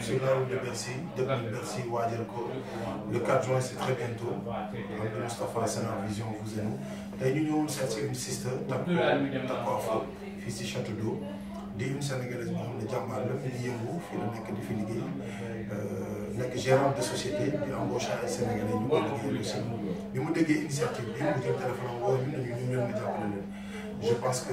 sur la route de Bercy, Bercy, Le 4 juin, c'est très bientôt. en Vision, vous et nous. Et une fils de Château une sénégalaise nous, fi euh, de société sénégalais initiative je pense que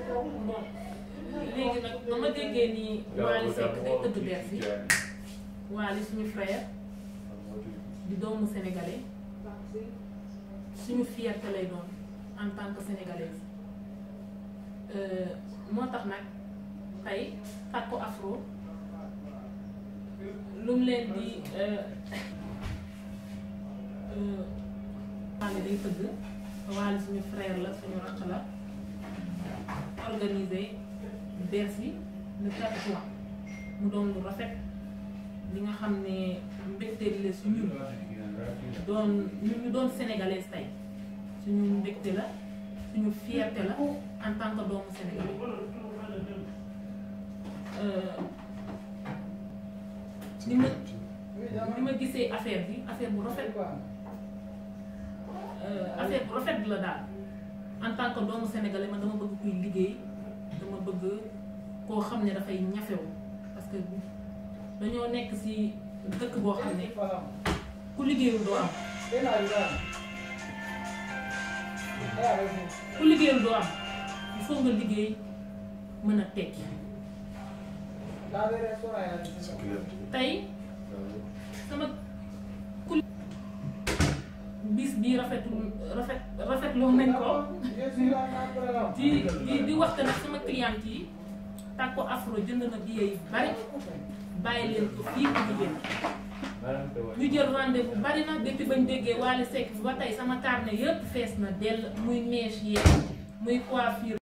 bon léegi nag ba ma déggee ni Wally Seck day tëgg Bercy Wally suñu frère di doomu sénégalais suñu fierté lay doon en tant que sénégalaise euh, moo tax nag tey Paco Afro lu mu leen di euh, euh, Wally day tëgg Wally suñu frère la suñu rakk la organisé Bercy le 4 juin mu doon lu rafet li nga xamné ne mbégte la su ñun ñu don sénégalais tay suñu mbégte la suñu fierté la en tant que doomu sénégalais euh, ni ma ni ma gisee affaire bi affaire bu rafet quoi euh, affaire bu rafet la daal en tant que doomu sénégalais man dama bëgg kuy liggéey dama bëgg koo xam ne dafay ñafewu parce que dañoo nekk ci dëkk boo xam ne ku liggéeyul doo am ku liggéeyul nga liggéey mën a tekki tey sama lii rafetul rafet rafetlu nañ ko di di di waxtaan ak sama client yi Tako Afro jënd na billet bari bàyyi leen ko fii ku jigéen ñu jël rendez-vous bari na depuis bañ déggee Wally Seck bi ba tey sama carnet yëpp fees na dell muy mèche yeeg muy coiffure.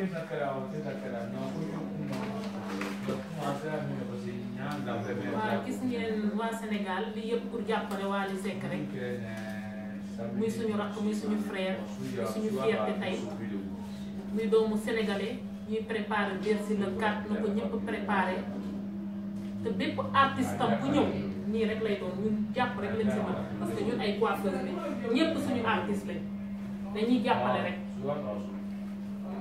waaw gis ngeen waa Sénégal li yëpp pour jàppale Wally Seck rek muy suñu rakk muy suñu frère muy suñu fierté tey muy doomu sénégalais ñuy préparé Bercy la 4 na ko ñëpp préparé te bépp artiste tam bu ñëw nii rek lay doon ñun jàpp rek lañ si mën parce que ñun ay coiffeurs lañ ñëpp suñu artiste lañ dañuy jàppale rek.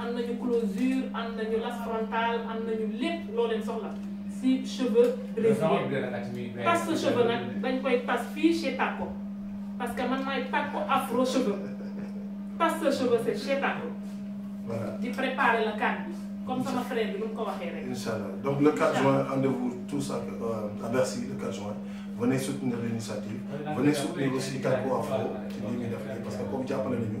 am nañu closure am nañu las frontale am nañu lépp loo leen soxla si cheveux brésilien parce que cheveux nag il koy tas fii chez Taco parce que man maay Taco afro cheveux parce que cheveu c'est chez Taco di préparer la carte bi comme sama frère bi nu mu ko waxee donc le 4 juin rendez-vous tous euh, à, Bercy le 4 juin venez soutenir l'initiative venez soutenir aussi Taco afro qui def parce que comme jàppale nañu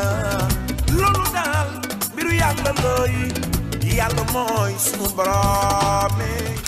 yàlla mooy sunu borom